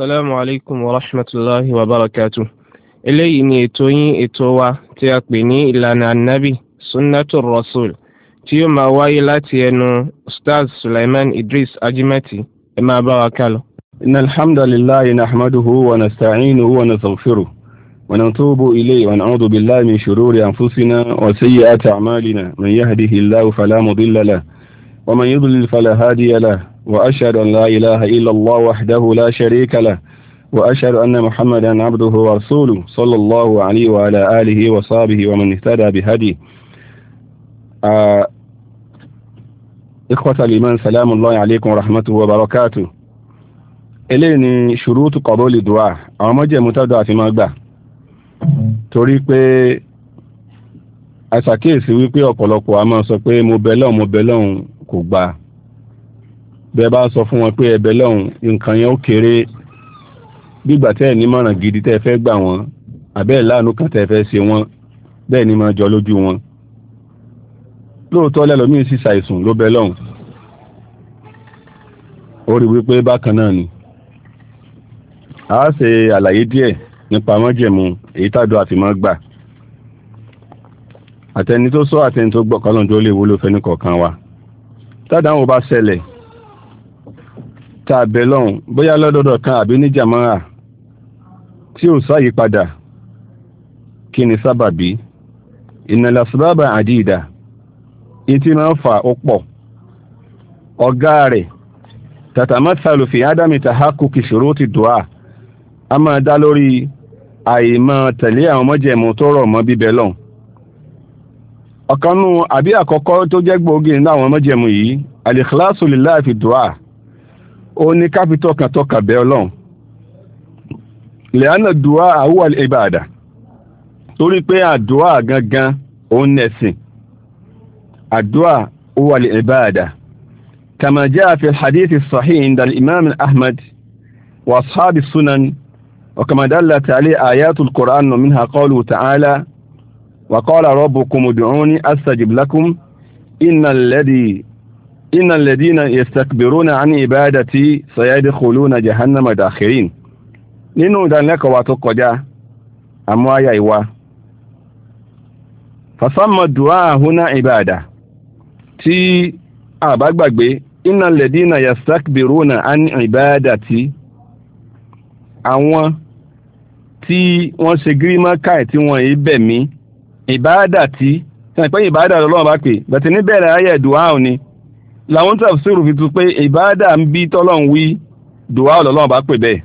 السلام عليكم ورحمة الله وبركاته إلي إني إتوين إتوا تيقبني إلا النبي سنة الرسول تيو ما وايلاتي أنو أستاذ سليمان إدريس أجمتي إما باركاله إن الحمد لله نحمده ونستعينه ونستغفره ونتوب إليه ونعوذ بالله من شرور أنفسنا وسيئات أعمالنا من يهده الله فلا مضل له ومن يضلل فلا هادي له وأشهد أن لا إله إلا الله وحده لا شريك له وأشهد أن محمدا عبده ورسوله صلى الله عليه وعلى آله وصحبه ومن اهتدى بهديه إخوة الإيمان سلام الله عليكم ورحمة وبركاته إليني شروط قبول الدعاء أما جاء متدعى في مقبع torí pé àṣàkíyèsí wípé ọ̀pọ̀lọpọ̀ a máa sọ pé mo bẹ mo bẹ kò gbà bẹ bá sọ fún wọn pé ẹbẹ lọ́hùn nǹkan yẹn ó kéré gbígbà tẹ́ ẹ̀ nímọ̀ràn gidi tẹ ẹ fẹ́ gbà wọn àbẹ́ẹ̀ láàánú kan tẹ ẹ fẹ́ ṣe wọn bẹ́ẹ̀ ni máa jọ lójú wọn lóòótọ́ lẹ́lọ́mìn sì ṣàìsùn ló bẹ lọ́hùn ó rí wípé bákan náà ni a ṣe àlàyé díẹ̀ nípa mọ́jẹ̀mú èyí tàdó àfimọ́ gbà àtẹni tó sọ àtẹni tó gbọ́ kọ́lọ́n tó léwu ló fẹ́ ní kọ̀ọ̀kan wa tádàáwò bá ṣẹlẹ̀ tá a bẹ̀ lọ́hùn bóyá lọ́dọ̀dọ̀ kan àbí ní jàmáà tí ò sáyípadà kí ni sábàbí ìnàlà sábàbà àdìdà ìtì máa ń fa ó pọ̀ ọ̀gá rẹ̀ tàtàmátàlù fi ádámì tàhákù kìṣòro ti dùá a máa dá lórí àìmọ̀ tẹ̀lé àwọn mọ́jẹ̀mú tó rọ̀ mọ́ bíbẹ̀ lọ́hùn ọ̀kanú àbí àkọ́kọ́ tó jẹ́ gbòógì nínú àwọn mọ́jẹ̀mú yìí al-ikhlasu lillahi dùá òun ni ká fi tọkàntọkàn bẹ ọlọ́run lẹ́yìnà dùá àwùwà ìbàdà torí pé àdùá gangan òun nẹ̀sìn àdùá àwùwà ìbàdà كما جاء في الحديث الصحيح عند الإمام أحمد وأصحاب السنن وكما دلت عليه آيات القرآن ومنها قوله تعالى وقال ربكم ادعوني أستجب لكم إن الذي إن الذين يستكبرون عن عبادتي سيدخلون جهنم داخرين nínú ìdánilẹ́kọ̀ọ́ wa tó kọjá àmú àyà ìwà fàsámọ̀ dùá àhúná ìbàdà tí àbágbàgbé iná lẹ̀dínà yastakbiruna an ìbàdà tí àwọn tí wọ́n ṣe gírímọ́ káì tí wọ́n yìí bẹ̀ mí ìbàdà tí sàn pé ìbàdà lọ́wọ́ bá pè bẹ̀tẹ̀ níbẹ̀rẹ̀ ayẹ̀ dùá òní làwọn tafsiru fi tu pé ìbáàdà ń bí tọ́lọ́n wí dùwà ọ̀lọ́lọ́n bá pè bẹ́ẹ̀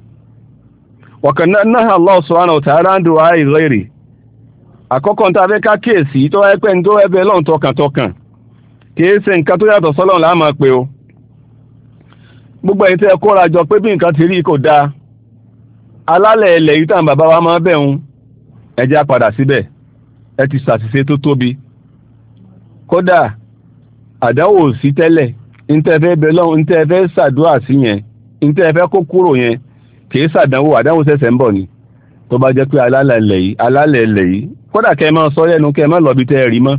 ọ̀kan náà Allah subhanahu wa ta'ala ń dùwà ìrẹ́rì àkọ́kọ́ tá a fẹ́ ká kíyèsí tó wáyé pẹ́ tó wáyé lọ́n tọkàntọkàn kìí ṣe nǹkan tó yàtọ̀ sọ́lọ́n là máa pe o gbogbo ẹ̀yin tẹ́ ẹ kóra jọ pé bí nǹkan ti rí kò dáa alálẹ̀ ilẹ̀ yìí tàn bàbá wa máa bẹ̀rùn ẹ̀jẹ̀ padà síbẹ̀ ẹ ti ṣàṣìṣe tó tóbi kódà àdáwò sí tẹ́lẹ̀ ntẹ́fẹ́ bẹ lọ́hùn ntẹ́fẹ́ ṣàdúrà sí yẹn ntẹ́fẹ́ kó kúrò yẹn kìí ṣàdánwò àdáwò ṣẹ̀ṣẹ̀ ń bọ̀ ni tó bá jẹ́ pé alálẹ̀ ilẹ̀ yìí alálẹ̀ ilẹ̀ yìí kódà kẹ́ ẹ máa sọ lẹ́nu kẹ́ ẹ máa lọ́bi tẹ́ ẹ rí mọ́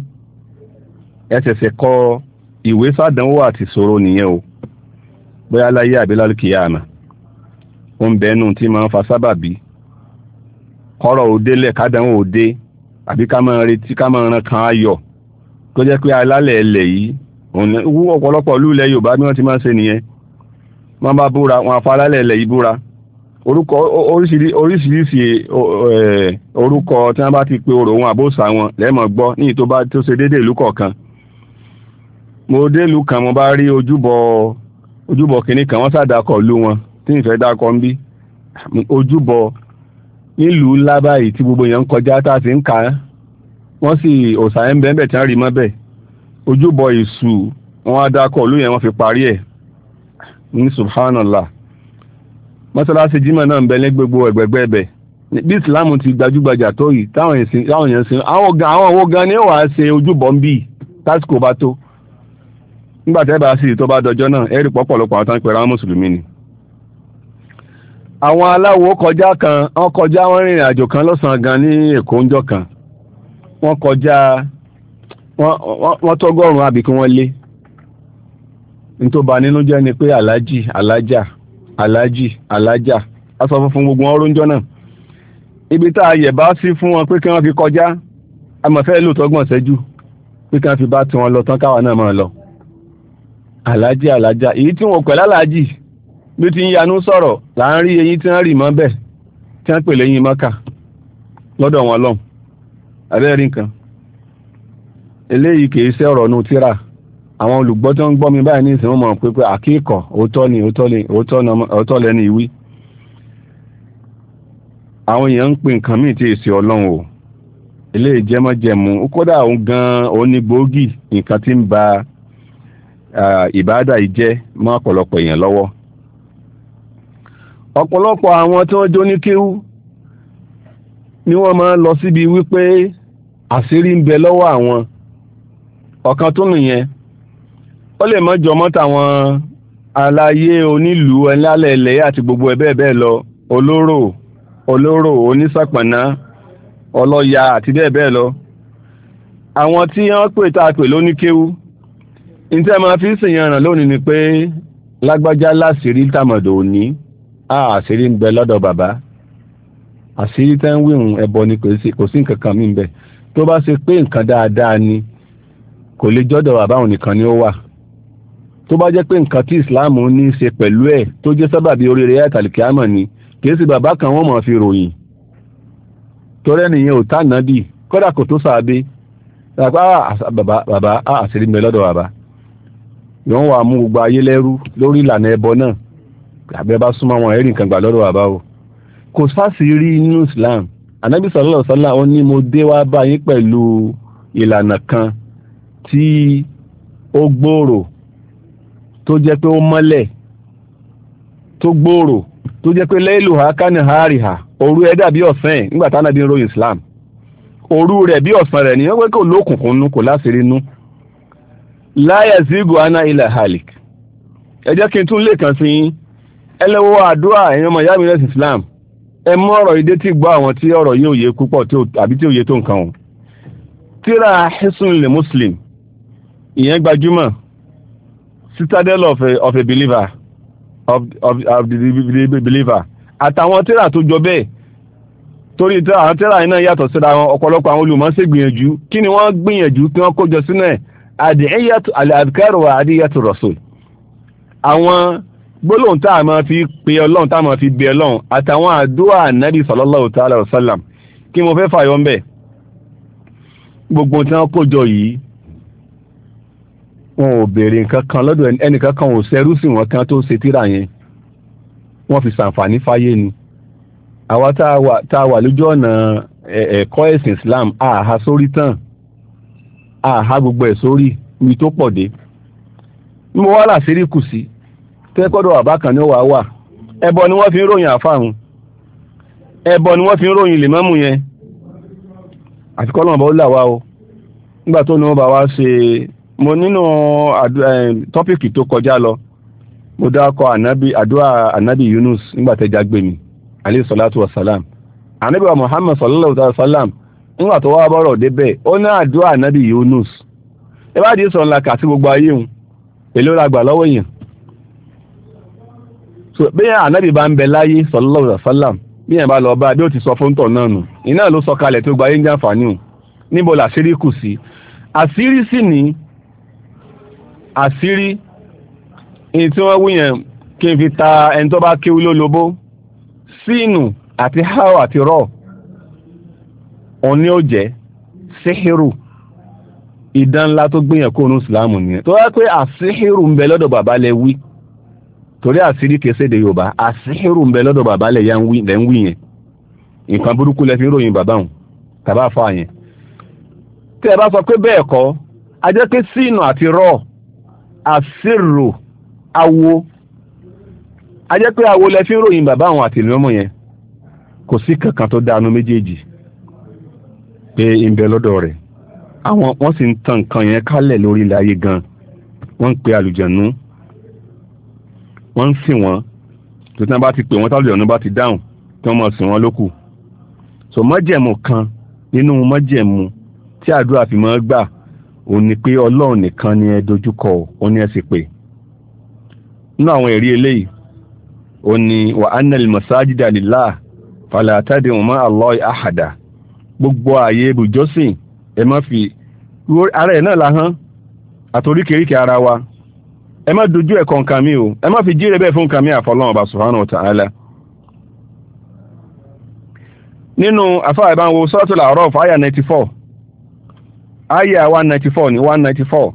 ẹ ṣẹ̀ṣẹ̀ kọ ìwé ṣàdánwò àti ìṣòro nìyẹn o bóyá láyé àbí lálùkìyà àmà ó ń bẹ ẹnu tí máa ń fa sábàbí kọ́rọ̀ òde lẹ̀ kádánwò òde àbí ká máa retí ká máa ran kan ayọ̀ tó jẹ́ pé alálẹ̀ ilẹ̀ yìí wú ọ̀pọ̀lọpọ̀ lúlẹ̀ Yorùbá bí wọ́n ti máa ń ṣe nìyẹn wọ́n bá búra wọn afárálẹ̀ ilẹ̀ yìí búra orúkọ oríṣiríṣi orúkọ tí wọ́n bá ti pe orò wọn àbóṣà wọn lẹ́mọ̀ gbọ́ ní tó bá tó ṣe déédéé ìlú kọ̀ọ̀kan mo dé ìlú kan mo bá rí ojúbọ ojúbọ kìnní kan wọ́n sàdákọ̀ lu wọn tí ìfẹ́ dákọ̀ ń bí ojúbọ nílùú ńlá báyìí tí gbogbo èèyàn ń kọjá tá a ti ń kà á wọ́n sì òṣà ẹ̀ ń bẹ́ẹ̀ bẹ́ẹ̀ tí wọ́n rí mọ́ bẹ́ẹ̀ ojúbọ èṣù wọ́n á dákọ̀ olú yẹn wọ́n fi parí ẹ̀ ní subhanallah mọ́sálásí jímọ̀ náà ń bẹ ní gbogbo ẹ̀bẹ̀ bí islam ti gbajúgbajà tó yìí táwọn èèyàn sin àwọn gan àwọn owó gan ni ó wàá ṣe ojúbọ ń bì tásìkò bá tó nígbà tẹ́ bá sì tó bá dọjọ́ náà ẹ̀rí pọ̀pọ̀lọpọ̀ àwọn tán pẹ̀lú àwọn mùsùlùmí ni àwọn aláwo kọjá kan wọ́n kọjá wọ́n rìnrìn àjò kan lọ́sàn-án gan ní èkó ńjọ́ kan wọ́n kọjá wọ́n tọ́gọ́rùn-ún àbí kí wọ́n lé ní tó bà nínú jẹ́ ni pé aláàjì aláàjà aláàjì aláàjà a sọ fún gbogbo wọn róúnjọ́ náà ibi tá a yẹ̀ bá sí fún wọn pé kí wọ́n fi kọjá a mọ̀ fẹ́ lò tọ́gbọ̀n ṣẹ́jú pé kí wọ́n fi bá ti wọn lọ tán káwa náà máa lọ aláàjì aláàjà èyí tí wọn pẹ̀lú aláàjì bí ti ń yanú sọ̀rọ̀ là eyín tí wọ́n rì mọ́ bẹ́ẹ̀ tí wọ́n pè lẹ́yìn mọ́kà lọ́dọ̀ wọn lọ́hùn abẹ́rẹ́ nǹkan eléyìí kìí ṣe ọ̀rọ̀ nu tíra àwọn olùgbọ́ tó ń gbọ́ mi báyìí ní ìsìn wọn mọ̀ pé pé àkíkọ̀ òótọ́ ni òótọ́ lẹ́nu ìwí àwọn èèyàn ń pè nǹkan míì tí èsì ọlọ́run o eléyìí jẹ́mọ́jẹ̀mú kódà òun gan-an òun ní gbòógì nǹkan tí ń ba ìbáàdà yìí mọ́ ọ̀pọ̀lọpọ̀ èèyàn lọ́wọ́ ọ̀pọ̀lọpọ̀ àwọn tí wọ́n jó ní kéwú ni wọ́n máa ń lọ síbi wípé àṣírí ń bẹ lọ́wọ́ àwọn ọ̀kan tún nìyẹn ó lè mọ́ jọmọ́ tàwọn aláyé onílùú ẹlálẹ̀ ilẹ̀ àti gbogbo ẹ̀bẹ́ẹ̀ bẹ́ẹ̀ lọ olóró olóró onísàpọ̀nà ọlọ́ya àti bẹ́ẹ̀ bẹ́ẹ̀ lọ àwọn tí wọ́n pè tá a pè lóníkéwú ní tẹ́ máa fi sèyàn ràn lónìí ni pé lágbájá láṣìírí tàmọ̀dò òní àṣírí ń bẹ lọ́dọ̀ bàbá àṣírí tẹ́ ń wíhun ẹbọ ni kò sí nǹkan kan mí ń bẹ tó bá ṣe pé nǹkan dáadáa ni kò lè jọ́dọ̀ àbáwọn nìkan ni ó wà tó bá jẹ́ pé nǹkan tí ìsìláàmù ní í ṣe pẹ̀lú ẹ̀ tó jẹ́ sábàbí oríire àtàlìkí àmọ̀ ni kì í sì bàbá kan wọ́n mọ̀ fi ròyìn torí ẹnìyẹn ò tá nàbì kódà kò tó sàábé bàbá bàbá àṣírí mi lọ́dọ̀ bàbá yóò wà mú gbogbo ayé lẹ́rú lórí ìlànà ẹbọ náà àbẹ́ bá súnmọ́ wọn ẹ̀rí nǹkan gbà lọ́dọ̀ bàbá o kò sáṣìírí inú Islam Ànábì sallallahu alaihi ó ní mo dé wá báyìí pẹ̀lú ìlànà kan tí ó gbòòrò tó jẹ́ pé ó tó gbòòrò tó jẹ́ pé lẹ́lù ha kánì òru dàbí ọ̀sán ẹ̀ nígbà táwọn Islam òru rẹ̀ bí ọ̀sán rẹ̀ nìyẹn pé kò lókùnkùn kò láṣìírí nú láyà ana ilẹ̀ halik ẹ jẹ́ kí n tún lè kàn sí Islam ẹ mú ọ̀rọ̀ ìdé tí gbọ́ àwọn tí ọ̀rọ̀ yìí òye púpọ̀ àbí tí òye tó nǹkan o ìyẹn gbajúmọ̀ citadel of a, of a believer of, of, of the believer àtàwọn tírà tó jọ bẹ́ẹ̀ torí tí àwọn tírà iná yàtọ̀ síra wọn ọ̀pọ̀lọpọ̀ àwọn olùmọ̀ ṣe gbìyànjú kí ni wọ́n gbìyànjú kí wọ́n kójọ sínú ẹ̀ àdìyàtò àdìkárò àdìyàtò rọ̀sùl àwọn gbólóhùn tá a máa fi pe ọlọ́run tá a máa fi bẹ ọlọ́run àtàwọn àdúrà nàbì sallallahu ta'ala wa sallam kí mo fẹ́ fàyọ ń gbogbo tí wọ́n kójọ yìí wọn ò béèrè nǹkan kan lọ́dọ̀ ẹnìkan kan ò ṣẹrú sí wọn kan tó ṣe tíra yẹn wọ́n fi ṣàǹfààní fáyé ni àwa tá a wà lójú ọ̀nà ẹ̀kọ́ ẹ̀sìn Islam àhá sórí tán àhá gbogbo ẹ̀ sórí mi tó pọ̀ dé ní mo wá làṣírí kù sí tẹ́kọ́dọ̀ àbá kan ní wàá wà ẹbọ ni wọ́n fi ń ròyìn àfàrùn ẹbọ ni wọ́n fi ń ròyìn lèmọ́mù yẹn àfikọ́ lọ́nà bá ó là wá o nígbà tó ní wọ́n bá wá ṣe mo nínú tọ́pìkì tó kọjá lọ mo dákọ àdúrà anabi Yunus nígbàtẹ́já gbé mi alayhi salatu wa wa Muhammad sallallahu alaihi wa nígbà tó wá bọ́rọ̀ débẹ̀ ó ní àdúrà ànábì Yunus ẹ bá dìí gbogbo ayé òun èló la lọ́wọ́ èèyàn so bí anabi bá ń bẹ láyé sallallahu sọ fún tọ̀ náà nù iná àṣírí in tí wọ́n wúyẹn kí n fi ta ẹni tó bá kéwú lólobó sínú àti háwà àti rọ̀ òun ni ó jẹ́ síhírù ìdán ńlá tó gbìyàn kó onú ìsìláàmù nìyẹn tó wá pé àsíhírù ń bẹ lọ́dọ̀ bàbá lẹ wí torí àsírí kèséde yorùbá àsíhírù ń bẹ lọ́dọ̀ bàbá lẹ ń wí yẹn nǹkan burúkú lẹ fi ń ròyìn bàbá hùn tàbá fà yẹn tí ẹ bá sọ pé bẹ́ẹ̀ kọ́ a jẹ́ pé sínú àti rọ̀ àfẹ́rò awo a jẹ́ pé awo lẹ fi ń ròyìn bàbá àwọn àtìlẹ́mọ̀ yẹn kò sí kankan tó dánú méjèèjì pé ń bẹ lọ́dọ̀ rẹ̀ àwọn wọ́n sì ń tan nǹkan yẹn kálẹ̀ lórí ilẹ̀ ayé gan wọ́n ń pe àlùjànú wọ́n ń sìn wọ́n tó tí wọ́n bá ti pè wọ́n tálùjànú bá ti dáhùn tí wọ́n mọ̀ sìn wọ́n lókù so mọ́jẹ̀mù kan nínú mọ́jẹ̀mù tí àdúrà fi mọ́ gbà òun ni pé ọlọ́run nìkan ni ẹ dojúkọ òun ni ẹ sì pè nínú àwọn ẹ̀rí eléyìí òun ni wà á nà lè masajida lillah fàlà àtàdé wọn máa lọ àhàdà gbogbo ààyè ibùjọ́sìn ẹ má fi ara ẹ̀ náà la hán àtoríkèríkè ara wa ẹ má dojú ẹ̀ kọ nǹkan o ẹ má fi jíire bẹ́ẹ̀ fún nǹkan àfọlọ́run ọba subhanahu wa ta'ala nínú afáàbáwo suratul A'raf fáyà 94 aya 194 ni 194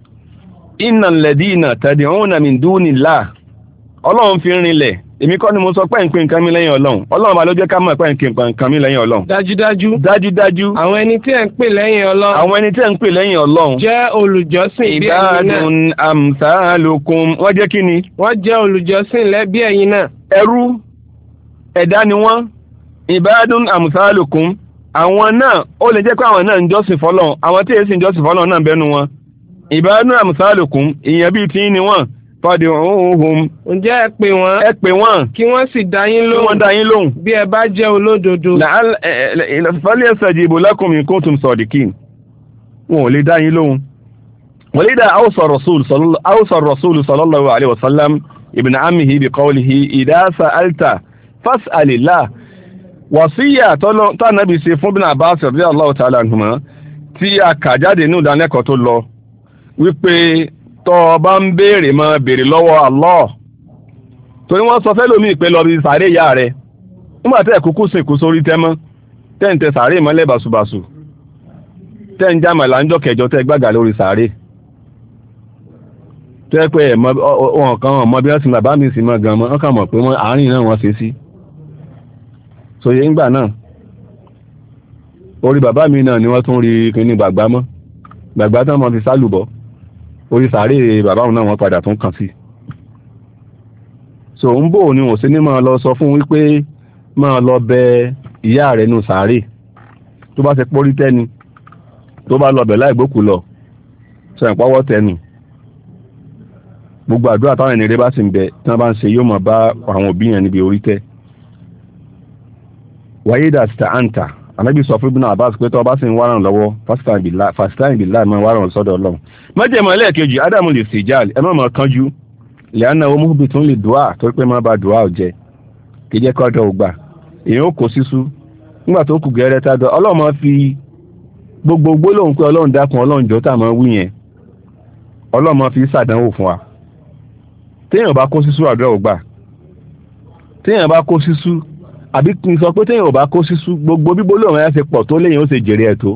Inna ladina tad'una min dunillah ọlọ́run fi rinlẹ̀ èmi kọ́ ni mo sọ pẹ́ǹpẹ́ nǹkan mi lẹ́yìn ọlọ́run ọlọ́run bá ló jẹ́ ká mọ̀ pẹ́ǹpẹ́ mi lẹ́yìn ọlọ́run. Dajudaju. Dajudaju. àwọn ẹni tí ẹ̀ ń pè lẹ́yìn ọlọ́run. àwọn ẹni tí ẹ̀ ń pè lẹ́yìn ọlọ́run. jẹ́ olùjọ́sìn bí ẹ̀yin amsalukum wọ́n àwọn náà ó lè jẹ́ pé àwọn náà ń jọ́sìn fọ́lọ́run àwọn tí èsì ń jọ́sìn fọ́lọ́run náà bẹ́nu wọn ìbánu àmúsálòkùn ìyẹn bíi tí ní wọn fọdí òhun. ǹjẹ́ ẹ pè wọ́n. ẹ pè wọ́n. kí wọ́n sì dá yín lóhùn. kí wọ́n dá yín lóhùn. bí ẹ bá jẹ́ olódodo. fọ́lí ẹ̀sẹ̀ ìdìbò lẹ́kùnrin kó tún sọ̀dí kí wọn ò lè dá yín lóhùn. wọ́n lè dá àwòsàn rọ̀ṣúlù sallallahu alaihi wasallam ibn amihi bi qawlihi idha sa'alta fas'alillah wàsíyà tánàbí ṣe fún bínú Abbas radiyallahu ta'ala anhuma tí a kà jáde ní ìdánilẹ́kọ̀ọ́ tó lọ wípé tọ́ ọ bá ń béèrè mọ́ béèrè lọ́wọ́ torí wọ́n sọ fẹ́lómi ìpè lọ bí sàárè ìyá rẹ̀ nígbà tẹ́ kúkú sìnkú sórí tẹ́mọ́ tẹ́ǹtẹ sàárè mọ́lẹ̀ bàṣubàṣu tẹ́ǹjá màlá ń jọ kẹjọ tẹ́ gbàgà lórí sàárè tẹ́ pé ọ̀hún kan ọmọ bí wọ́n sì máa bá mi sì gan mọ́ mọ̀ pé àárín náà wọ́n ṣe sí. sòye ńgbà na orí bàbá mi náà ni wọ́n tún rí kíní gbàgbá mọ́ gbàgbá tán mọ́ fi sálùbọ́ orí sàárè bàbá òun náà wọ́n padà tún kàn sí so ń bò ní òsín ní máa lọ sọ fún wípé máa lọ bẹ ìyá rẹ̀ nù sàárè tó bá ṣe pórí tẹ́ni tó bá lọ bẹ̀ láì gbókù lọ sọ ìpọ́wọ́ tẹ́nu gbogbo àdúrà táwọn ènìyàn bá sì ń bẹ tí wọ́n bá ń ṣe yóò mọ̀ bá àwọn òbí yẹn níbi orí wàyídà sta'anta anabi sọ fún ibùnà abbas pé tọ́ba ń wárán lọ́wọ́ fasitain billah máa wárán sọ́dọ̀ ọlọ́run májèmọ́ ẹlẹ́ẹ̀kejì ádámù lè sì jà ẹ máa kánjú lẹ́yìn àwọn mọ́bí tún lè dùá torí pé má ba dùá ò kí jẹ́ kọ́dọ̀ ògbà èèyàn ó kó sísú nígbà tó kù gẹ́rẹ́ tá a dọ̀ ọlọ́run máa àbí kí n sọ pé téèyàn ò bá kó sísú gbogbo bíbó lóun ẹ̀ ṣe pọ̀ tó léyìn ó ṣe jèrè ẹ̀ tó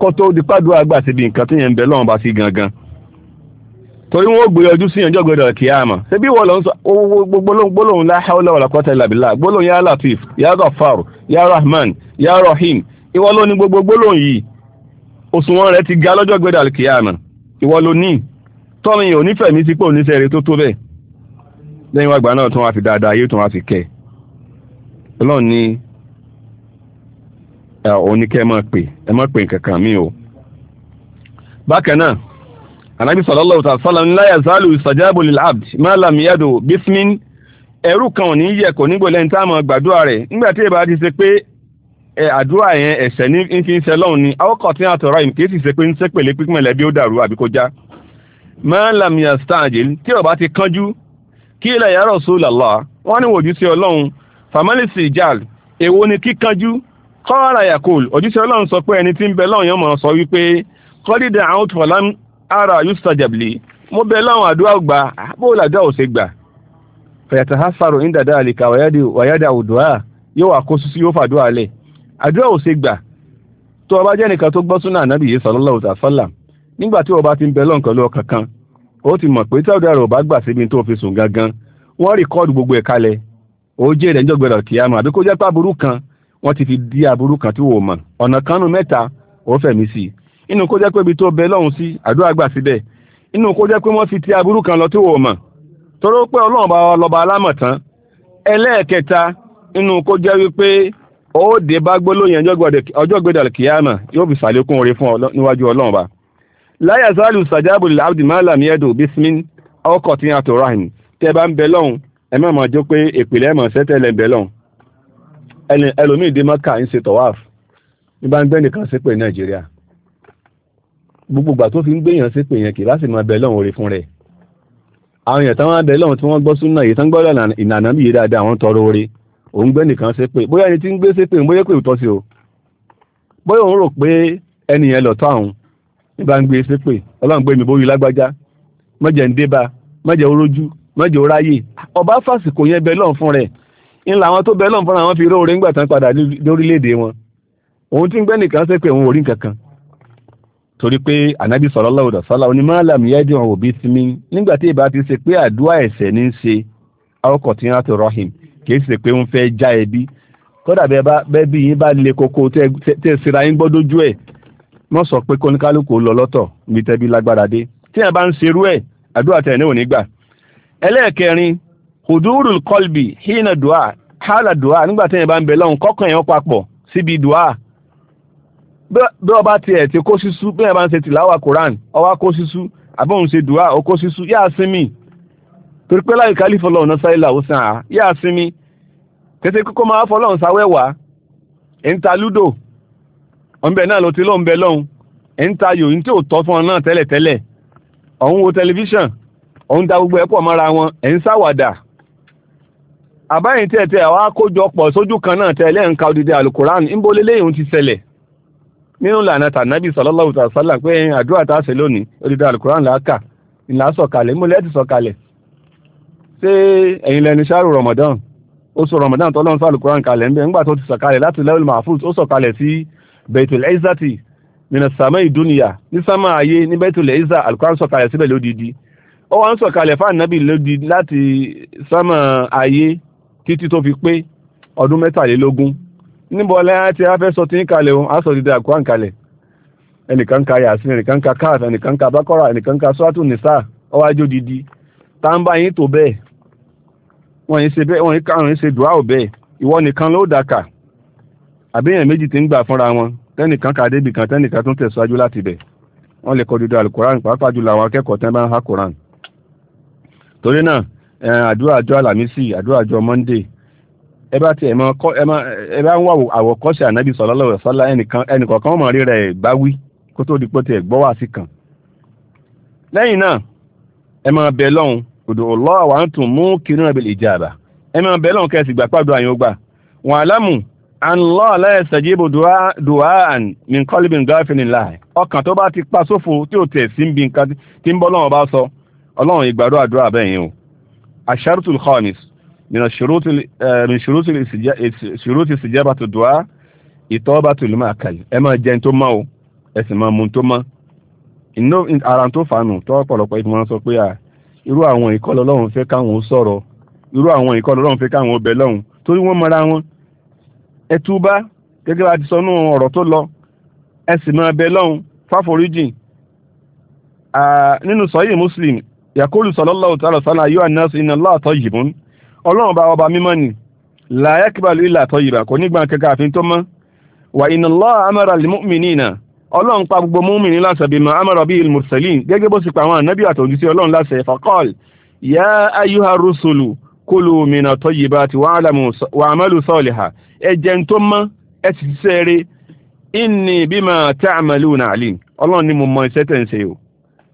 kó tó di pàdúrà gbà síbi nǹkan téèyàn ń bẹ lọ́run bá sí gangan torí wọn ò gbìyànjú sí ìyànjọ́ gbẹdọ̀ kì í àmọ́ ṣébí wọ́n lọ ń sọ gbólóhùn la hawla wala quwwata illa billah gbólóhùn ya latif ya ghaffar ya rahman ya rahim ìwọ ló ní gbogbo gbólóhùn yìí òṣùwọ̀n rẹ̀ ti ga lọ́jọ́ gbẹdọ̀ kì í àmọ́ ìwọ ló ní tọ́rin ò nífẹ̀ẹ́ mi oníṣẹ́ rẹ̀ tó tó bẹ́ẹ̀ lẹ́yìn wàgbà náà tún wá fi dáadáa ayé tún wá fi kẹ́ ẹ̀ ọlọ́run ní òun ní kẹ́ ẹ máa pè ẹ máa pè nǹkan kan o. bákan náà anabi sallallahu alaihi wasallam la yazalu yustajabu lil abd ma lam yadu bismin ẹrú kan ò ní yẹ kò nígbò lẹ́yìn tá a máa gbàdúrà rẹ̀ nígbà tí ìbá ti ṣe pé àdúrà yẹn ẹ̀ṣẹ̀ ní fi ń ṣe lọ́hùn ni awọ́kọ̀ tí wọ́n tọrọ yìí kì sì ṣe pé ń ṣe pèlè pípín ẹ̀lẹ́bí ó dàrú àbí kó já ma lam yastajil tí ó ti kánjú kí ilẹ̀ ya Rasulullah wọ́n ní wòjú sí ọlọ́run famalisi ijal èwo ni kíkanjú kọ́ra yakul òjíṣẹ́ ọlọ́run sọ pé ẹni tí ń bẹ lọ́run yóò mọ̀ sọ wípé kọ́dídà àwọn òtùfọ̀lá ara yustajabli mo bẹ lọ́run àdúrà gbà ah, bó làdúrà ò ṣe gbà fẹ̀yàtà hasaru ní dàdá àlìkà wàyádà òdùá yóò wà kó sísú yóò fàdúrà lẹ̀ àdúrà ò ṣe gbà tó o bá jẹ́ nìkan tó gbọ́ súnà ànábì yìí sallallahu alaihi wasallam nígbà tí o bá ti ń bẹ lọ́run pẹ̀lú ọkàn kan ó ti mọ̀ pé ó jèrè ń jọ̀gbẹ̀rọ̀ kíyámà àbí kó jẹ́ pàbùrù kan wọ́n ti fi dí aburú kan tí mọ̀ ọ̀nà kanu mẹ́ta ó fẹ̀mí sí i inú kó jẹ́ pé ibi tó bẹ lọ́hùn sí àdúrà gbà síbẹ̀ inú kó jẹ́ lọ tí wò mọ̀ torí pé ọlọ́run bá lọ́ba alámọ̀tán ẹlẹ́ẹ̀kẹta kó jẹ́ fi sàlékún oore fún níwájú ọlọ́run bá láyà ẹ má máa jó pé ìpìlẹ̀ ẹ̀mọ̀ sẹ́tẹ̀lẹ̀ bẹ̀lọ̀ ẹlòmíì dé mọ́kà ń ṣe tọ̀wáàf ní bá ń gbẹ́ nìkan sípè nàìjíríà gbogbo ìgbà tó fi ń gbéyàn sípè yẹn kì bá sì máa bẹ̀lọ̀ orí fún rẹ̀ àwọn èèyàn táwọn abẹ́lọ̀ tí wọ́n gbọ́ súnà yìí tán gbọ́dọ̀ ìnànà bí yìí dáadáa àwọn tọrọ orí òun gbẹ́ nìkan sípè bóyá ẹni tí ń gbé sípè bóyá pé òótọ́ sí o bóyá òun rò pé ẹni yẹn lọ̀tọ́ àwọn ní bá ń gbé sípè ọlọ́run gbé mi bóyá lágbájá mọ́jẹ̀ ń dé bá mọ́jẹ̀ orójú mọ́jọ ráyè ọba fàsìkò yẹn bẹ lọ́n fún rẹ̀ ń làwọn tó bẹ lọ́n fúnra wọn fi róore ńgbà tán padà lórílẹ̀‐èdè wọn òun tí ń gbẹ́ nìkan ṣe pé òun ò rí nǹkan kan torí pé ànábì sallallahu alaihi wasallam oní máàlàm yẹ́dì wọn òbí sinmi nígbà tí ìbá ti ṣe pé àdúrà ẹ̀ṣẹ̀ ní í ṣe ọkọ̀ tí wọ́n ti rọ́hìn kì í ṣe pé ń fẹ́ já ẹbí kódà bẹ́ẹ̀ bí yín bá le koko tẹ́ ẹ sira yín gbọ́ dójú ẹ̀ mọ́ sọ pé kóníkálukú lọ lọ́tọ̀ níbi tẹ́bí lágbára dé tí ẹ bá ń ṣerú ẹ̀ àdúrà tẹ̀ ní òní gbà ẹlẹ́ẹ̀kẹrin hudurul kọlbi hina dua hala dua nígbà tẹ́yìn bá ń bẹ lọ́hùn kọ́kàn yẹn papọ̀ síbi dua bí ọba tiẹ̀ ti kó sísú bí ẹ̀ bá ń ṣe tìláwà Quran ọwá kó sísú àbọ̀hún ṣe dua ó kó sísú yáa sinmi torí pé láyé kálí fọlọ́hùn náà sáyé làwọn sàn á yáa sinmi kété kókó máa fọlọ́hùn sáwẹ́wà ẹ̀ ń ta lúdò ọ̀nbẹ náà ló ti lóun bẹ lọ́hùn ẹ̀ yòó ní tí ò tọ́ fún ọ náà tẹ́lẹ̀tẹ́lẹ̀ ọ̀hún wo tẹlifíṣàn òun da gbogbo ẹ̀pọ̀ mọ́ra wọn ẹ̀ ń sáwàdà àbáyìn tẹ̀tẹ̀ àwọn akójọpọ̀ sójú kan náà tẹ̀lé ń ka odidi alukuran ń bo lélẹ́yìn ti ṣẹlẹ̀ nínú ìlànà tànàbí sallallahu ta'ala sallam pé àdúrà tá a ṣe lónìí odidi alukuran là á kà sọ̀kalẹ̀ ń bo lẹ́ẹ̀tì sọ̀kalẹ̀ ṣé ṣáàrù tó lọ́n kalẹ̀ ńgbà tó ti sọ̀kalẹ̀ láti mahfuz ó sọ̀kalẹ̀ ó wá ń sọ̀kalẹ̀ fáànàbì lódi láti sánmà ayé títí tó fi pé ọdún mẹ́tàlélógún níbo ọlẹ́ tí a fẹ́ sọ tí ń kalẹ̀ o a sọ dídá àkúrà ń kalẹ̀ ẹnìkan ka yàsí ẹnìkan ka káàf ẹnìkan ka bákọ́rà ẹnìkan ka sọ́tù nìsà ọwájú dídí tá ń bá yín tó bẹ́ẹ̀ wọ́n yín ṣe bẹ́ẹ̀ wọ́n yín kárùn yín ṣe dùá ò bẹ́ẹ̀ ìwọ nìkan ló dàkà àbíyàn méjì tí ń gbà fúnra wọn tẹ́nìkan ka débì kan tẹ́nìkan tún tẹ̀síwájú láti bẹ̀ wọ́n lè kọ́ dídá àlùkòrán pàápàá jùlọ àwọn akẹ́kọ̀ọ́ tẹ́ bá ń ha kòrán torí náà àdúrà àjọ alamisi àdúrà àjọ monday ẹ bá tiẹ̀ máa kọ́ ẹ bá ń wà àwòkọ́ṣe ànábì sallallahu alaihi wasallam ẹnìkọ̀ọ̀kan mọ̀ rí rẹ̀ bá wí kó tó di pé tiẹ̀ gbọ́ wá sí kan lẹ́yìn náà ẹ máa bẹ lọ́hùn òdò Allah wa antum muqinuna bil ijaba ẹ máa bẹ lọ́hùn kẹ́sì gbà pàdó àyàn ó gbà wọn àlámù Allah la yastajibu du'aan min qalbin ghafilin lahu ọkàn tó bá ti pa sófo tí ò tẹ̀ sí ọlọ́run ìgbàdo àdúrà bẹ́yìn o asharutul khamis mina ṣuruti ìsìjẹba tó dùá ìtọ́ba tó lè máa kàlì ẹ máa jẹun tó mọ́ o ẹ sì máa mu tó mọ́ inú ara tó fanu tó ọ̀pọ̀lọpọ̀ ìfún wọn sọ pé irú àwọn ìkọlọ lọ́run fẹ́ káwọn sọ̀rọ̀ irú àwọn ìkọlọ lọ́run fẹ́ káwọn ọbẹ̀ lọ́run torí wọ́n mọra wọn ẹ gẹ́gẹ́ bá ti sọ ọ̀rọ̀ tó lọ ẹ máa bẹ lọ́run fáforíjìn nínú sọ́yìn muslim yakulu sallallahu ta'ala sana ayu annasu inna allaha tayyibun ọlọ́run bá ọba mímọ́ ni la yakbalu illa tayyiba kò nígbà kankan àfin tó mọ́ wa inna allaha amara almu'minina ọlọ́run pa gbogbo múmìnì láṣẹ bima amara bihi almursalin gẹ́gẹ́ bó sì pa àwọn ànábì àtòjúsí ọlọ́run láṣẹ faqal ya ayuha rusulu kulu mina tayyibati wa amalu saliha ẹ̀jẹ̀ tó mọ́ ẹ̀ sì sẹ́ẹ̀rẹ̀ inni bima ta'maluna alim ọlọ́run ni mo mọ iṣẹ́ tẹ̀ ń ṣe o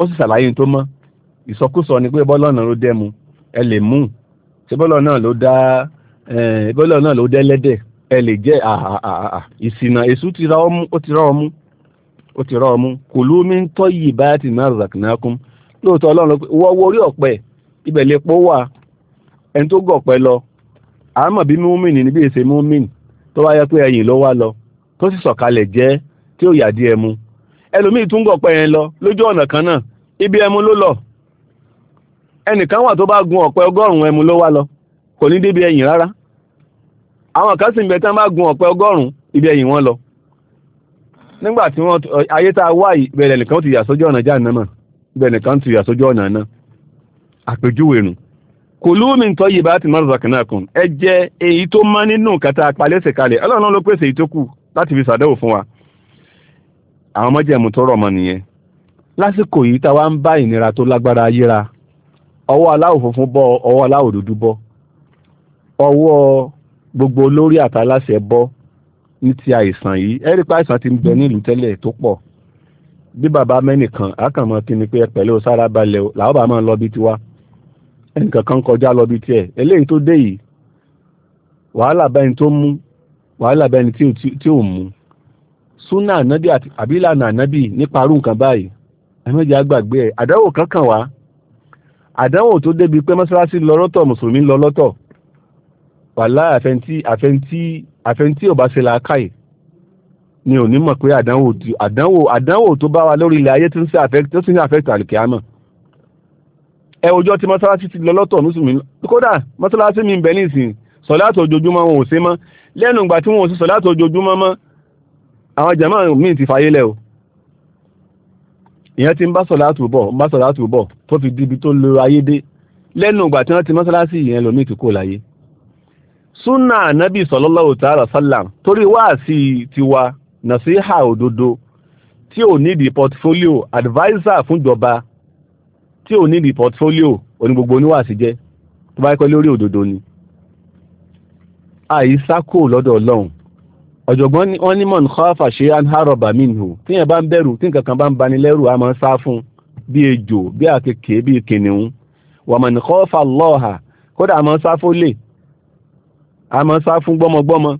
ó sì ṣàlàyé tó mọ́ ìsọkúsọ ni pé bọ́lọ̀ náà ló mu ẹ lè mú ṣé bọ́lọ̀ náà ló dá bọ́lọ̀ náà ló dẹ́lẹ́dẹ̀ ẹ lè jẹ́ ìsìnà èṣù ti ra ọmú ó ti ra ọmú ó ti ra ọmú lóòótọ́ ọlọ́run orí ọ̀pẹ ibẹ̀ lè wà ẹni tó gọ̀ lọ àmọ́ bí èsè tó pé ló wá lọ tó sì sọ̀kalẹ̀ jẹ́ tí ó yà díẹ̀ mu ẹlòmíì tún gọ̀pẹ̀ yẹn lọ lójú ọ̀nà kan náà ibi ẹmu ló lọ ẹnìkan wà tó bá gun ọ̀pẹ ọgọ́rùn-ún ẹmu ló wá lọ kò ní débi rara rárá àwọn kan sì ń bẹ gun ọ̀pẹ ọgọ́rùn-ún ibi ẹ̀yìn wọn lọ nígbà tí wọ́n ayé tá a wá ìbẹ̀rẹ̀ nìkan ti yà sójú ọ̀nà jáde náà ìbẹ̀rẹ̀ nìkan ti yà sójú ọ̀nà náà àpèjúwe nù kò lú mi tọ́ yìí bá ti ẹ èyí tó nínú palẹ́sẹ̀ kalẹ̀ ọlọ́run ló pèsè àwọn mọ́jẹ̀mú tó rọ̀ mọ́ nìyẹn lásìkò yìí táwa ń bá ìnira tó lágbára yíra ọwọ́ aláwọ̀ funfun bọ́ ọwọ́ aláwọ̀ dúdú bọ́ ọwọ́ gbogbo olórí àtàláṣẹ bọ́ ní ti àìsàn yìí ẹ̀rí pa àìsàn ti ń bẹ nílùú tẹ́lẹ̀ tó pọ̀ bí bàbá mẹ́nìkan àkànmọ́ kí ni pé pẹ̀lú sára balẹ̀ làwọn bá máa lọ bí tiwa ẹnìkan kan kọjá lọ bí tiẹ̀ eléyìí tó dé yìí wàhálà bẹ́ni tó mú wàhálà bẹ́ni tí ò mú súnà ànábì àbí ìlànà ànábì nípa arú nǹkan báyìí ẹ̀mẹ́jì àgbàgbé ẹ̀ àdánwò kankan wá àdánwò tó débi pé mọ́sálásí lọ lọ́tọ̀ mùsùlùmí lọ lọ́tọ̀ àfẹ́ntí àfẹ́ntí àfẹ́ntí ò bá ṣe làákàyè ni ò ní mọ̀ pé àdánwò àdánwò àdánwò tó bá wa lórí ilẹ̀ ayé tó ń ṣe àfẹ́tì tó sì ń àfẹ́tì àlùkìámọ̀ ẹ òjò tí mọ́sálásí ti lọ lọ́tọ̀ mùsùlùmí kódà mọ́sálásí mi ń bẹ nísìn sọ̀láàtò ojoojúmọ́ wọn ò ṣe mọ́ lẹ́nu ìgbà tí wọn ò sí sọ̀láàtò ojoojúmọ́ mọ́ àwọn jàmáà míì ti fàyé lẹ̀ o ìyẹn ti ń bá sọ̀láàtù bọ̀ ń bá sọ̀láàtù bọ̀ tó fi dibi tó lo ayé dé lẹ́nu ìgbà tí wọ́n ti mọ́sálásí ìyẹn lòmíì ti kó láyé súnà ànábì sallallahu ta'ala sallam torí wáàsí tiwa nàṣíhà òdodo tí ò ní di portfolio advisor fúnjọba tí ò ní di portfolio oní gbogbo oníwàásí jẹ́ tó bá kọ́ lórí òdodo ni àyíṣákò lọ́dọ̀ ọlọ́run ọ̀jọ̀gbọ́n wọn ní mọ̀n kọ́fà ṣe anharoba minhu tí yẹn bá ń bẹ̀rù tí nǹkan kan bá ń bani lẹ́rù a máa ń sá fún bí ejò bí àkekè bí kìnìún wà mọ̀n kọ́fà lọ́ọ̀hà kódà a máa ń sá fún lè a máa ń sá fún gbọ́mọgbọ́mọ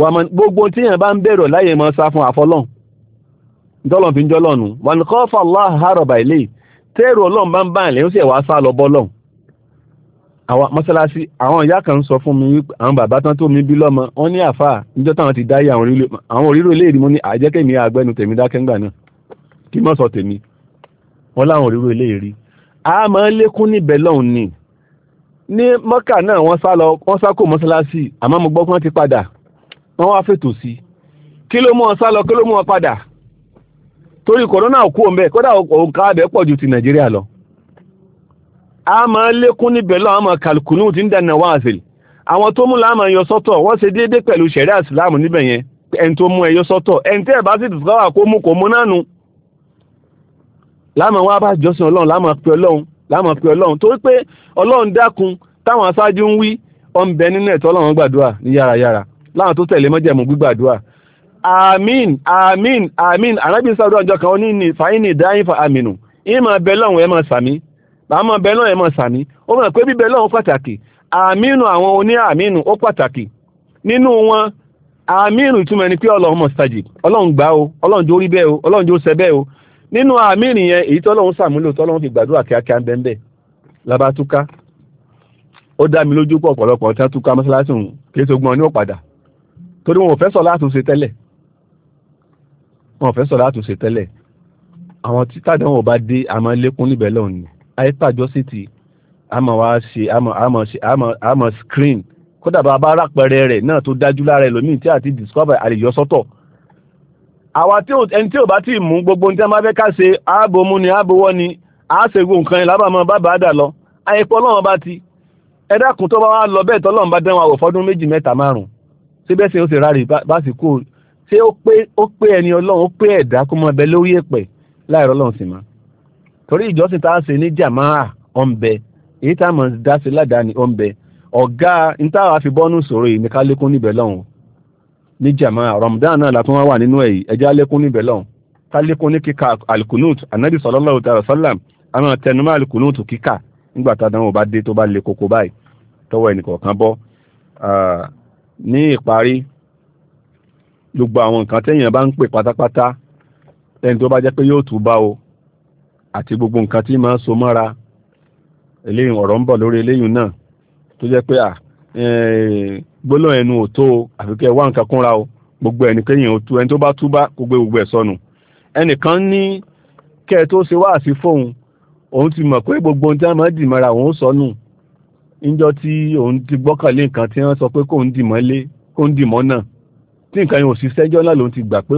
wà mọ̀n gbogbo tí yẹn bá ń bẹ̀rù láyé máa ń sá fún àfọlọ́n dọ́lọ́n fi ń jọ́lọ́nu wà mọ̀n kọ́fà lọ́ọ̀hà àwọn mọ́sálásí àwọn ìyá kan sọ fún mi wípé àwọn bàbá tán tó mi bí lọ́mọ wọ́n ní àfà níjọ́ táwọn ti dáyé àwọn orílẹ̀ èdè èdè mo ní àjẹ́kẹ́ mi àgbẹnu tèmi dákẹ́ngbà náà kí mọ́ sọ tèmi wọ́n láwọn orílẹ̀ èdè rí a máa lékún níbẹ̀ lọ́hùn ni ní mọ́kà náà wọ́n sá lọ wọ́n sá kó mọ́sálásí àmọ́ mo gbọ́ pé wọ́n ti padà wọ́n wá fètò sí kí ló mú wọn sá lọ kí ló mú wọn padà torí kòrónà kú òun bẹ́ẹ̀ kódà òǹkà abẹ́ pọ̀ ju ti Nàìjíríà lọ a máa lékún níbẹ̀ lọ́wọ́ àmọ́ kàlùkùnú ti ń dà náà wáàzìl àwọn tó mú láàmà yọ sọ́tọ̀ wọ́n ṣe déédé pẹ̀lú ṣẹ̀ríà ìsìláàmù níbẹ̀ yẹn ẹni tó mú ẹyọ sọ́tọ̀ ẹni tẹ́ ẹ̀ bá sì dùsọ́wà kó mú kò mú náà nu láàmà wá bá jọ́sìn ọlọ́run láàmà pé ọlọ́run láàmà pé ọlọ́run torí pé ọlọ́run dákun táwọn aṣáájú ń wí ọ̀nbẹ nínú ẹ̀tọ́ ọlọ́run gbàdúrà ní yárayára láwọn tó tẹ̀lé mọ́jẹ̀mú gbígbàdúrà àmín àmín àmín arábìnrin sáwọ́dọ̀ fa àmínù ìmọ̀ abẹ́lọ́run ẹ̀ máa sàmí bàmọ́ bẹ́ẹ̀ náà ẹ̀ mọ̀ sàmí ó mọ̀ pé bíbẹ́ náà ó pàtàkì àmínú àwọn oní àmínú ó pàtàkì nínú wọn àmínú ìtumọ̀ ni pé ọlọ́run mọ̀sítàjì ọlọ́run gbà o ọlọ́run jó rí bẹ́ẹ̀ o ọlọ́run jó ṣẹ bẹ́ẹ̀ o nínú àmínú yẹn èyí tọ́lọ́run sàmúlò tọ́lọ́run fi gbàdúrà kíákíá bẹ́ẹ̀ labatuka ó dá mi lójú pọ̀ ọ̀pọ̀lọpọ̀ tí wọ́n túká mọ́sálásí òun kì í ṣogbọ́n ní ọ̀padà torí wọn ò fẹ́ sọ látúnṣe tẹ́lẹ̀ wọn bá dé àmọ́ lékún níbẹ̀ lọ́hùn ni àìtàjọ́ sí ti àmọ́ wá ṣe àmọ́ ṣe àmọ́ screen kódà bá bá rápẹrẹ rẹ̀ náà tó dájú lára ẹlòmíì tí àti discover àlèyọ sọ́tọ̀ àwa tí ẹni tí ò bá ti mú gbogbo ní tí a máa fẹ́ ká ṣe ààbò mú ni ààbò wọ́ ni àáṣègùn nǹkan yìí lábàámọ́ bàbá àdà lọ àyẹ̀pọ̀ ọlọ́run bá ti ẹ̀dákun tó bá wá lọ bẹ́ẹ̀ tọ́lọ́run bá dánwò àwò fọdún méjì mẹ́ta márùn-ún ṣé bẹ́ẹ̀ ṣe ó ṣe rárẹ̀ bá sì kú ṣé ó pé ẹni ọlọ́run ó pé ẹ̀dá kó mọ ẹbẹ lórí ẹ̀pẹ̀ láìrọ́ sì máa torí ìjọsìn tá a ṣe ní jamaa ọ̀nbẹ èyí tá a mọ̀ dá sí ládàáni ọ̀nbẹ ọ̀gá ntáwa fi bọ́nú sọ̀rọ̀ yìí ní ká lékún níbẹ̀ lọ́hùn ní jamaa Ramadan náà látún wá wà nínú ẹ̀yí ẹja lékún níbẹ̀ lọ́hùn ká lékún ní kíka alikunut anabi sallallahu ta'ala sallam àwọn àtẹnumọ́ alikunut kíka nígbà tádàn bá dé tó bá le koko báyìí tọwọ́ ẹnìkọ̀ọ̀kan bọ́ ní ìparí gbogbo àwọn nǹkan tẹ́yìn bá ń pè pátápátá ẹni tó bá jẹ́ pé yóò tún bá o àti gbogbo nǹkan tí máa so mọ́ra eléyìn ọ̀rọ̀ ń bọ̀ lórí eléyìn náà tó jẹ́ pé à gbólọ̀ ẹnu ò tó àfikẹ́ wá nǹkan kúnra o gbogbo ẹnikẹ́yìn ò tú ẹni tó bá túbá gbogbo gbogbo ẹ̀ sọnù ẹnìkan ní kẹ́ ẹ tó ṣe wá sí fóun òun ti mọ̀ pé gbogbo ohun tí wọ́n máa dì mọ́ra òun sọnù níjọ́ tí òun ti gbọ́kànlé nǹkan tí wọ́n sọ pé kóun dì mọ́ lé kóun dì mọ́ náà tí nǹkan yẹn ò sì sẹ́jọ́ náà lòun ti gbà pé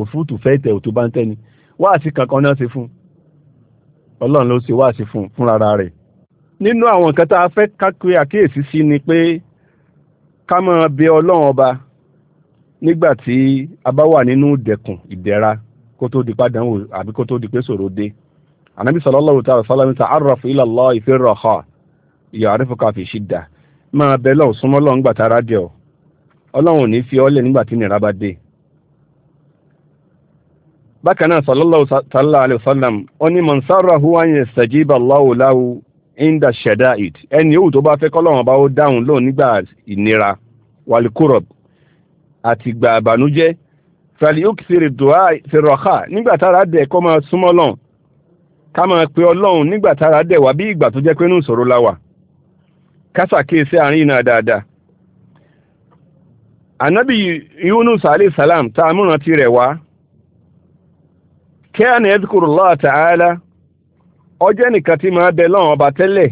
òfúrútù fẹ́ tẹ̀ òtó wá sí kankan náà ṣe fún un ọlọ́run ló ṣe wáàsí fún fúnra rẹ̀ nínú àwọn nǹkan tá a fẹ́ kákiri àkíyèsí sí ni pé ká máa bẹ ọlọ́run ọba nígbà tí a bá wà nínú ìdẹ̀kùn ìdẹ̀ra kó tó di pàdánwò àbí kó tó di pé ṣòro dé ànábì sallallahu ta'ala sallam ta'arraf ila Allah fi raha ya'rifuka fi shidda máa bẹ lọ́hùn súnmọ́ lọ́hùn gbà tára dẹ̀ ọ́ ọlọ́run ò ní fi ọ́lẹ̀ nígbà tí nìra bá dé bákan náà sallallahu alaihi wasallam ó ní mọ̀nsárà huwa yẹn sẹ̀jíbà láwùláwù inda shada'id ẹni yóò tó bá fẹ́ kọ́lọ́wọ́n bá ó dáhùn lóun nígbà ìnira walikurob àti gbà àbànújẹ́ fàlíyókì sí rìdùá fèrọ̀kà nígbà tára dẹ̀ kọ́ máa súnmọ́ lọ́n ká máa pe ọlọ́run nígbà tára dẹ̀ wá bí ìgbà tó jẹ́ pé nù ìṣòro la kásàkíyèsí àárín iná dáadáa ànábì Yunus alayhi salam tá a múrantí rẹ̀ wá kẹ́ẹ̀nì ẹ́dùkúrú Allah Ta'ala ọjọ́ nìkan tí máa bẹ lọ́wọ́n ọba tẹ́lẹ̀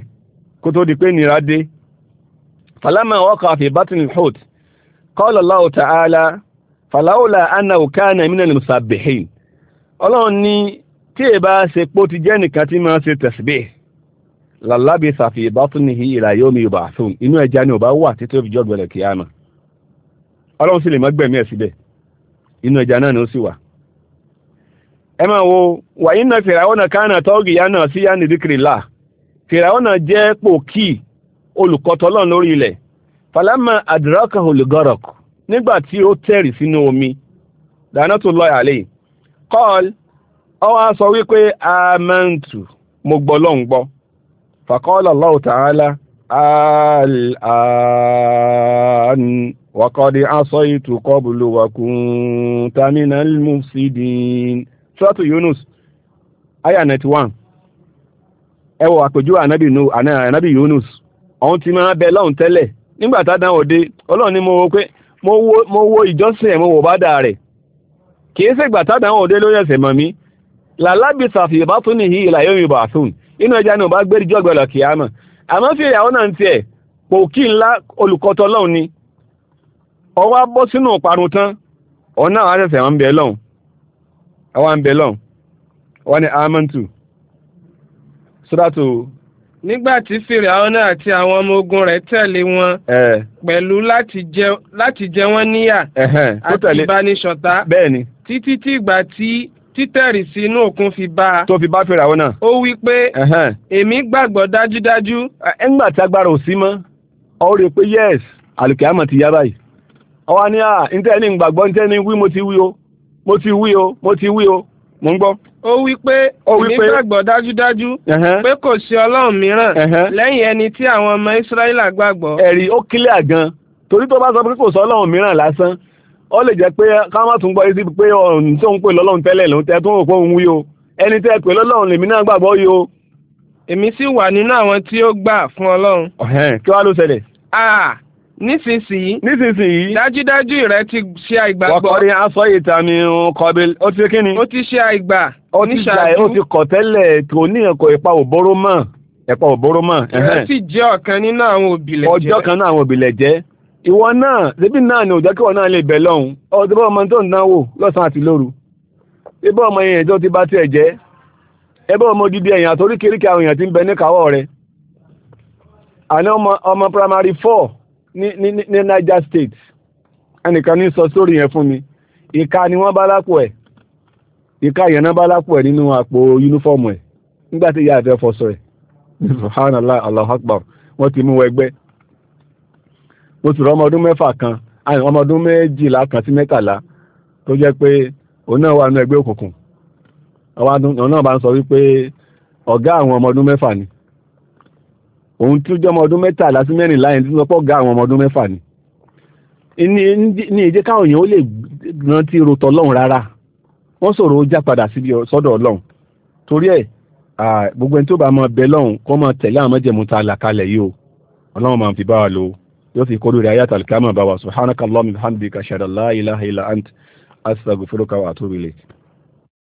kó tó di pé nira dé falama fi batni al-hut qala Allah Ta'ala falawla annahu kana mina al-musabbihin ọlọ́run ní tí è bá ṣe pó ti jẹ́ nìkan tí máa ṣe tasbih làlábì inú ẹja ni wà títí ó fi jọ́ gbẹ̀rẹ̀ ọlọ́run sì lè gbẹ̀mí ẹ̀ síbẹ̀ inú ẹja náà ni ó sì wà ẹ máa wo wàyí náà fìràwọ́nà kánà tọ́ọ̀gì yá náà sí yá nìdíkìrì là fìràwọ́nà jẹ́ pòkì olùkọ́tọ́lọ́ lórí ilẹ̀ falama adraka olùgọ́rọ̀k nígbà tí ó tẹ̀rì sínú omi dáná tó lọ́ọ́ àlẹ́ kọ́ọ̀l ó wá sọ wípé amantu mo gbọ́ lọ́n gbọ́ fàkọ́ọ̀lọ́ lọ́wọ́ tààlà al'an wàkọ́dí asọ́ ìtùkọ́ bùlùwàkùn tamina al suratu Yunus aya 91 ẹ wo àpèjú ànábì Yunus ọ̀hún ti máa bẹ lọ́hùn tẹ́lẹ̀ nígbà tá dáhùn ọlọ́run ni mo wo pé mo wo ìjọsìn ẹ̀ mo wò bá dà rẹ̀ kìí ṣègbà tá dáhùn òde lórí ẹ̀sẹ̀ mọ̀ mí làlábì sàfihàn bá ìlà ni ọwọ́ bọ́ sínú ìparun tán àwa ń bẹ lọ́n wọ́n ní amantu sọ́dọ̀tò. nígbà tí fìràwọ́n náà àti àwọn ọmọ ogun rẹ̀ tẹ̀lé wọn pẹ̀lú láti jẹ wọ́n níyà àti ìbánisọ̀tá títí tí ìgbà tí títẹ̀rì sínú òkun fi bá a. tó fi bá fìràwọ́n náà. ó wí pé èmi gbàgbọ́ dájúdájú. ẹ̀ngbà tí agbára ò sí mọ́ ọ rí i pé yẹ́s àlùkìyàmọ̀ ti yá báyìí. ọwọ́ ni à ń tẹ́ ní gbàgbọ́ ń tẹ́ ní wí mo ti wí o mo ti wí o mo ti wí o mo ń gbọ́. ó wí pé èmi gbàgbọ́ dájúdájú pé kò sí ọlọ́run mìíràn lẹ́yìn ẹni tí àwọn ọmọ ìsírẹ́lì gbàgbọ́. ẹ̀rí ó kílẹ̀ gan torí tó bá sọ pé kò sí ọlọ́run mìíràn lásán ó lè jẹ́ pé ká má tún gbọ́ yìí sí pé ọ̀hún tó ń pè lọ́lọ́run tẹ́lẹ̀ lòún tẹ́ tó ń òun wí o ẹni tẹ́ pè lọ́lọ́run lèmi náà gbàgbọ́ yìí o. èmi sì wà nínú àwọn tí ó gbà fún ọlọ́run. kí wàá ló ṣẹlẹ̀. Ah, nísinsìnyí. nísinsìnyí. dájúdájú rẹ ti ṣe àìgbàgbọ́. wọ́kọ̀rí aṣọ ìtàmì kọ́bìl ó ti kíni. ó ti ṣe àìgbà. ó ti ṣàì ó ti kọ̀ tẹ́lẹ̀ tó ní ẹ̀kọ́ ipa òbóró mọ̀ ẹ̀pọ̀ òbóró mọ̀. ìrẹ́ sì jẹ́ ọ̀kan nínú àwọn òbílẹ̀ jẹ́. ọjọ́ kan náà àwọn òbílẹ̀ jẹ́. ìwọ náà ṣébí náà ni òjọ́ kí wọ́n náà lè bẹ̀ lọ́hùn. ọdún bá ọmọ tó ń dánwò lọ́sàn-án àti lóru. ibà ọmọ yẹn ọmọ primary four ní ní Niger State ẹnìkan ní sọ sórí yẹn fún mi ìka ni wọ́n bá lápò ẹ̀ ìka yẹn náà ẹ̀ nínú àpò yunifọ́ọ̀mù ẹ̀ nígbà tí ìyá fọṣọ ẹ̀ subhanallah Akbar wọ́n ti mú ẹgbẹ́ mo sì rọ ọmọ ọdún kan ọmọ ọdún méjìlá kan sí tó pé òun náà wà nínú wípé àwọn ọmọ ọdún ni òun tí ó jẹ́ ọmọ ọdún mẹ́tàlá sí mẹ́rìnlá yẹn tí lọ́pọ̀ ga àwọn ọmọ ọdún mẹ́fà ni ní ìjẹ́ káwọn èèyàn ó lè rántí rotọ ọlọ́run rárá wọ́n sọ̀rọ̀ ó já padà síbi sọ́dọ̀ ọlọ́run torí ẹ̀ gbogbo ẹni tó bá máa bẹ lọ́run kó máa tẹ̀lé àwọn mọ́jẹ̀mú ta làkalẹ̀ yìí o ọlọ́run máa fi bá wa lò yóò fi kórè rẹ̀ ayat al bá wa subhanaka allahumma bihamdika ashhadu an la ilaha illa ant astaghfiruka wa